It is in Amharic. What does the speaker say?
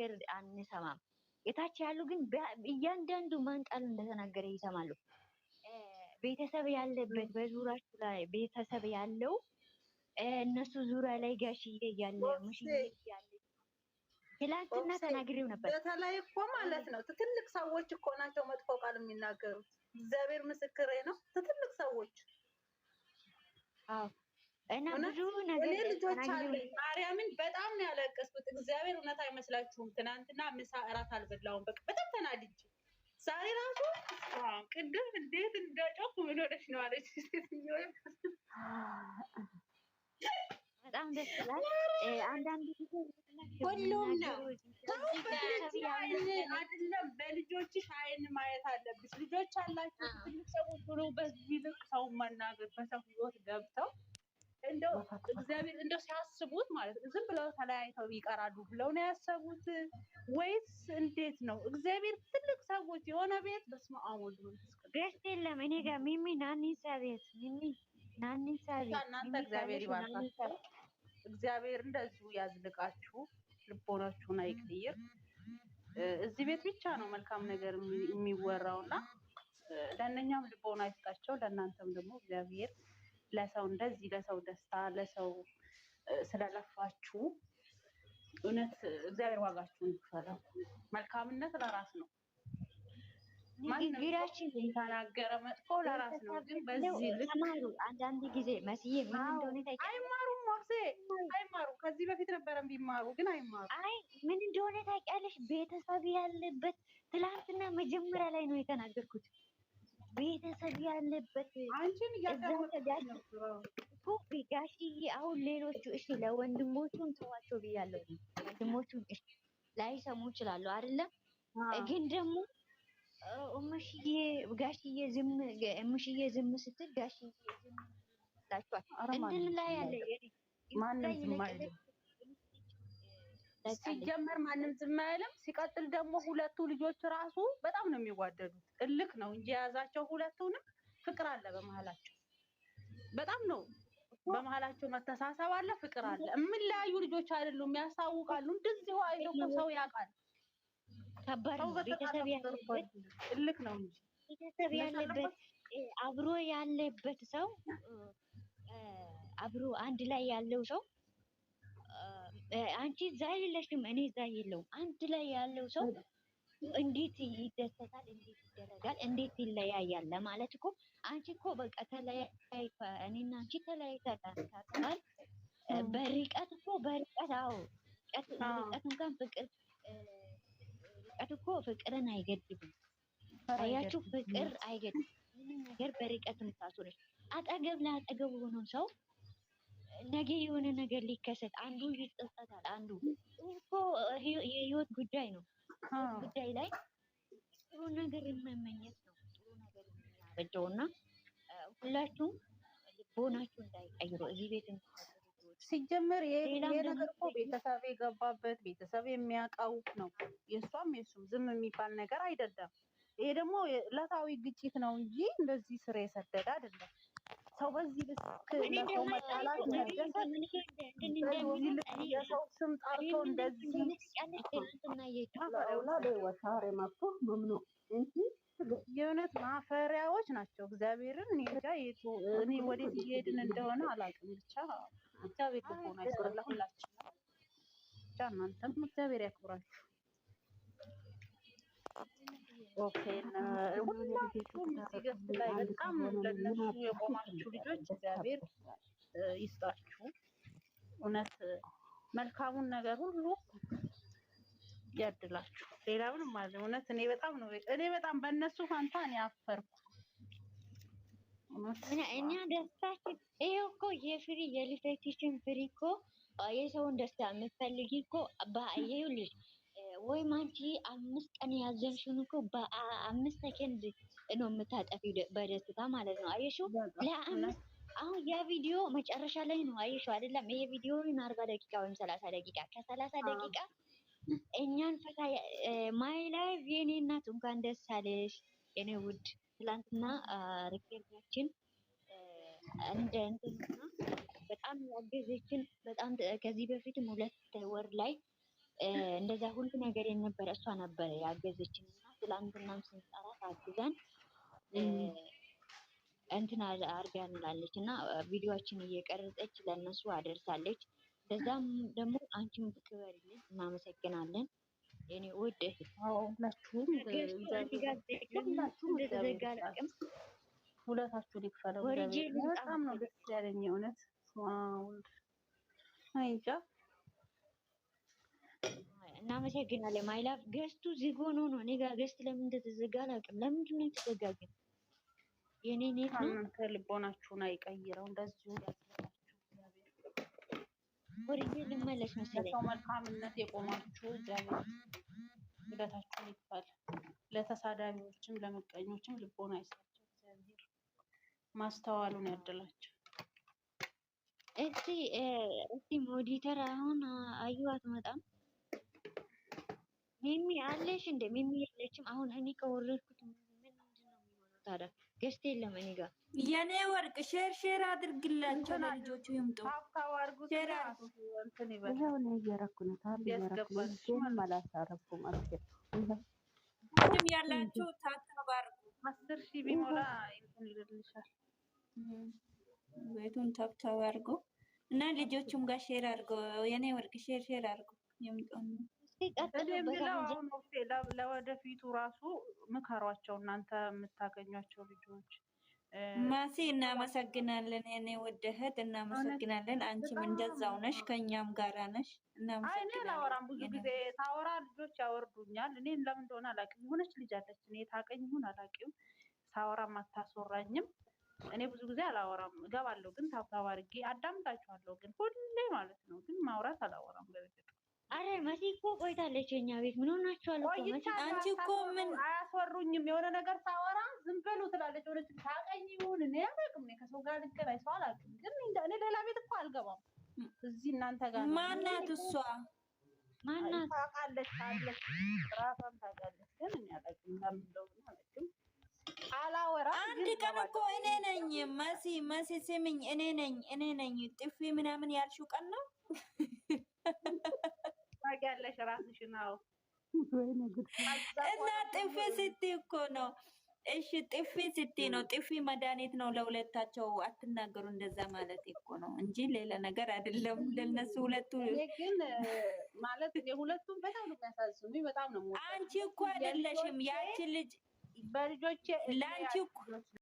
ነገር አንሰማም። የታች ያሉ ግን እያንዳንዱ ማን ቃል እንደተናገረ ይሰማሉ። ቤተሰብ ያለበት በዙሪያችሁ ላይ ቤተሰብ ያለው እነሱ ዙሪያ ላይ ጋሽዬ እያለ ሙሽዬ እያለ ትላንትና ተናግሬው ነበር። በተለይ እኮ ማለት ነው ትልቅ ሰዎች እኮ ናቸው መጥፎ ቃል የሚናገሩት። እግዚአብሔር ምስክሬ ነው። ትልቅ ሰዎች እና ብዙ ነገር ልጆች ማርያምን በጣም ነው ያለቀስኩት። እግዚአብሔር እውነት አይመስላችሁም። ትናንትና ምሳ እራት አልበላሁም። በቃ በጣም ተናድጄ ዛሬ ራሱ ቅድም እንዴት እንደጮኩ ምን ሆነሽ ነው አለች። በጣም ደስ ይላል። አንዳንድ ሁሉም ነው አይደለም። በልጆችሽ አይን ማየት አለብሽ። ልጆች አላችሁ ትልቅ በዚህ ልቅ ሰው መናገር በሰው ህይወት ገብተው እንደው እግዚአብሔር እንደው ሲያስቡት ማለት ዝም ብለው ተለያይተው ይቀራሉ ብለው ነው ያሰቡት ወይስ እንዴት ነው? እግዚአብሔር ትልቅ ሰዎች የሆነ ቤት በስመ አብ ወልድ መንፈስ የለም። እኔ ጋር ሚሚ ናኒሳ ቤት ሚሚ ናኒሳ ቤት እናንተ እግዚአብሔር ይባርካችሁ። እግዚአብሔር እንደዚሁ ያዝልቃችሁ፣ ልቦናችሁን አይቅይር። እዚህ ቤት ብቻ ነው መልካም ነገር የሚወራውና ለእነኛም ልቦና አይስጣቸው፣ ለእናንተም ደግሞ እግዚአብሔር ለሰው እንደዚህ ለሰው ደስታ ለሰው ስለለፋችሁ እውነት እግዚአብሔር ዋጋችሁን ይክፈለው። መልካምነት ለራስ ነው። ቢራችን የተናገረ መጥፎ ለራስ ነው። ግን በዚህ ልክ አንዳንድ ጊዜ መስዬ ምን እንደሆነ አይማሩም፣ ከዚህ በፊት ነበረ ቢማሩ ግን አይማሩ። አይ ምን እንደሆነ ታውቂያለሽ? ቤተሰብ ያለበት ትላንትና መጀመሪያ ላይ ነው የተናገርኩት። ቤተሰብ ያለበት ቶፊ ጋሽዬ፣ አሁን ሌሎቹ እሺ ለወንድሞቹን ተዋቸው ብያለሁ። ወንድሞቹን እሺ ላይሰሙ ይችላሉ አይደለም፣ ግን ደግሞ እምሽዬ ጋሽዬ ዝም እምሽዬ ዝም ስትል ጋሽዬ ዝም ላቸዋል። እንድን ላይ ያለ ማንም ሲጀመር ማንም ዝም አይልም። ሲቀጥል ደግሞ ሁለቱ ልጆች ራሱ በጣም ነው የሚዋደዱት። እልክ ነው እንጂ የያዛቸው ሁለቱንም ፍቅር አለ በመሀላቸው። በጣም ነው በመሀላቸው መተሳሰብ አለ፣ ፍቅር አለ። የምለያዩ ልጆች አይደሉም፣ ያስታውቃሉ። እንደዚሁ አይተው ሰው ያውቃል። ከባድ ቤተሰብ ያለበት እልክ ነው እንጂ ቤተሰብ ያለበት አብሮ ያለበት ሰው አብሮ አንድ ላይ ያለው ሰው አንቺ እዛ የለሽም፣ እኔ እዛ የለውም። አንድ ላይ ያለው ሰው እንዴት ይደሰታል? እንዴት ይደረጋል? እንዴት ይለያያል? ለማለት እኮ አንቺ እኮ በቃ ተለያይ፣ እኔና አንቺ ተለያይተናል። በርቀት እኮ በርቀት፣ አዎ ርቀት እንኳን ፍቅር ርቀት እኮ ፍቅርን አይገድብም። አያችሁ፣ ፍቅር አይገድብም ምንም ነገር። በርቀት ምታሱ ነች አጠገብ ለአጠገብ ሆኖ ሰው ነገ የሆነ ነገር ሊከሰት አንዱ ይጸጸታል። አንዱ እኮ የህይወት ጉዳይ ነው። ጉዳይ ላይ ጥሩ ነገር የመመኘት ነው ጥሩ ነገር የምናበጀው እና ሁላችሁም ልቦናችሁ እንዳይቀይሩ እዚህ ቤት ሲጀመር የነገር እኮ ቤተሰብ የገባበት ቤተሰብ የሚያውቀው ነው። የእሷም የሱም ዝም የሚባል ነገር አይደለም። ይሄ ደግሞ ዕለታዊ ግጭት ነው እንጂ እንደዚህ ስር የሰደደ አይደለም። ሰው በዚህ ልክ ለሰው መጣላት የሰው ስም ጠርቶ እንደዚህ መምኖ እንጂ የእውነት ማፈሪያዎች ናቸው። እግዚአብሔርን እኔ እንጃ እኔ ወዴት እየሄድን እንደሆነ አላውቅም። ብቻ እግዚአብሔር ልቦና ይስጥልን ሁላችንም። ብቻ እናንተም እግዚአብሔር ያክብራችሁ። ገስት ላይ በጣም ለነሱ የቆማችሁ ልጆች እግዚአብሔር ይስጣችሁ። እውነት መልካሙን ነገር ሁሉ ያድላችሁ። ሌላ ምንም አለ እውነት እኔ በጣም ነው እኔ በጣም በእነሱ ፋንታ እኔ አፈርኩ። እኛ ደስታችን ይሄ እኮ የፍሪ የልደትሽን ፍሪ እኮ የሰውን ደስታ የምትፈልጊ እኮ ይሄ ልጅ ወይም አንቺ አምስት ቀን ያዘብሽውን እኮ በአምስት ሰከንድ ነው የምታጠፊው፣ በደስታ ማለት ነው። አየሽው ለአምስት አሁን የቪዲዮ መጨረሻ ላይ ነው አየሽው አይደለም? ይሄ ቪዲዮ አርባ ደቂቃ ወይም ሰላሳ ደቂቃ ከሰላሳ ደቂቃ እኛን ፈታ ማይ ላይፍ የኔ እናት እንኳን ደስ አለሽ የኔ ውድ ትላንትና ሪከርዳችን እንደ እንትን በጣም ያገዘችን በጣም ከዚህ በፊትም ሁለት ወር ላይ እንደዛ ሁሉ ነገር የነበረ እሷ ነበረ ያገዘችን እና ስለ አንድናም ስንጠራት አግዛን እንትን አድርጋንላለች እና ቪዲዮችን እየቀረጸች ለእነሱ አደርሳለች። በዛም ደግሞ አንቺም ትክበሪልን፣ እናመሰግናለን። የኔ ውድ ሁላችሁም ሁለታችሁ ሊክፈለው በጣም ነው ደስ ያለኝ እውነት እንጃ እናመሰግናለን። ማይላፍ ገስቱ ዝግ ሆኖ ነው። እኔ ጋር ገስት ለምን እንደተዘጋ አላውቅም። ለምንድን ነው የተዘጋ ግን? የኔ ኔት ነው። እናንተ ልቦናችሁን አይቀይረው። እንደዚሁ ወርዬ ልመለስ መሰለኝ። ሰው መልካምነት የቆማችሁ እግዚአብሔር ውለታችሁን ይክፈል። ለተሳዳቢዎችም ለምቀኞችም ልቦና አይስጣቸው እግዚአብሔር ማስተዋሉን ያድላቸው። እስቲ እስቲ ሞዲተር አሁን አዩ መጣም ሚሚ አለሽ እንደ ሚሚ የለችም። አሁን እኔ ከወረድኩት ምንድን ነው የሚሆነው ታዲያ? ገስት የለም እኔ ጋ። የኔ ወርቅ። ሼር ሼር አድርግላቸው ለልጆቹ ይምጡ። ይኸው ነው እየረኩ ነው ሁሉም ያላችሁ ታባርጉ አስር ሺህ ቢሞላ ይልልሻል። ቤቱን ታብታብ አድርጎ እና ልጆቹም ጋር ሼር አድርጎ የኔ ወርቅ ሼር ሼር አድርጎ ይምጡ። ለወደፊቱ ራሱ ምከሯቸው። እናንተ የምታገኟቸው ልጆች ማሲ እናመሰግናለን። እኔ ወደህት እናመሰግናለን። አንቺም እንደዛው ነሽ፣ ከእኛም ጋራ ነሽ። እኔ አላወራም ብዙ ጊዜ ታወራ ልጆች ያወርዱኛል። እኔ ለምን እንደሆነ አላውቅም። የሆነች ልጅ አለች፣ እኔ ታውቀኝ ይሁን አላውቅም። ሳወራም አታስወራኝም። እኔ ብዙ ጊዜ አላወራም፣ እገባለሁ ግን ታብታብ አድርጌ አዳምጣችኋለሁ፣ ግን ሁሌ ማለት ነው። ግን ማውራት አላወራም በቤት አረ መሲ እኮ ቆይታለች የኛ ቤት። ምን ሆናችኋል? አንቺ እኮ ምን አያስወሩኝም። የሆነ ነገር ሳወራ ዝም በሉ ትላለች። ሆነ ታቀኝ ይሁን እኔ አላውቅም። ከሰው ጋር ልገናኝ ሰው አላውቅም። ግን እኔ ሌላ ቤት እኮ አልገባም። እዚህ እናንተ ጋር ማናት እሷ ማናት? ታውቃለች፣ አለች፣ ራሷን ታውቃለች። ግን እኔ አላውቅም። ለምንደው አላውቅም አላወራ አንድ ቀን እኮ እኔ ነኝ መሲ መሲ ስምኝ፣ እኔ ነኝ እኔ ነኝ ጥፊ ምናምን ያልሽው ቀን ነው ታደርጊያለሽ እራስሽን። አዎ እና ጥፊ ስትይ እኮ ነው። እሺ ጥፊ ስትይ ነው። ጥፊ መድኃኒት ነው ለሁለታቸው። አትናገሩ እንደዛ ማለት እኮ ነው እንጂ ሌላ ነገር አይደለም። ለነሱ ሁለቱ ግን ማለት የሁለቱም በጣም ነው የሚያሳዝኑኝ። በጣም ነው አንቺ እኮ አይደለሽም ያቺ ልጅ በልጆቼ ለአንቺ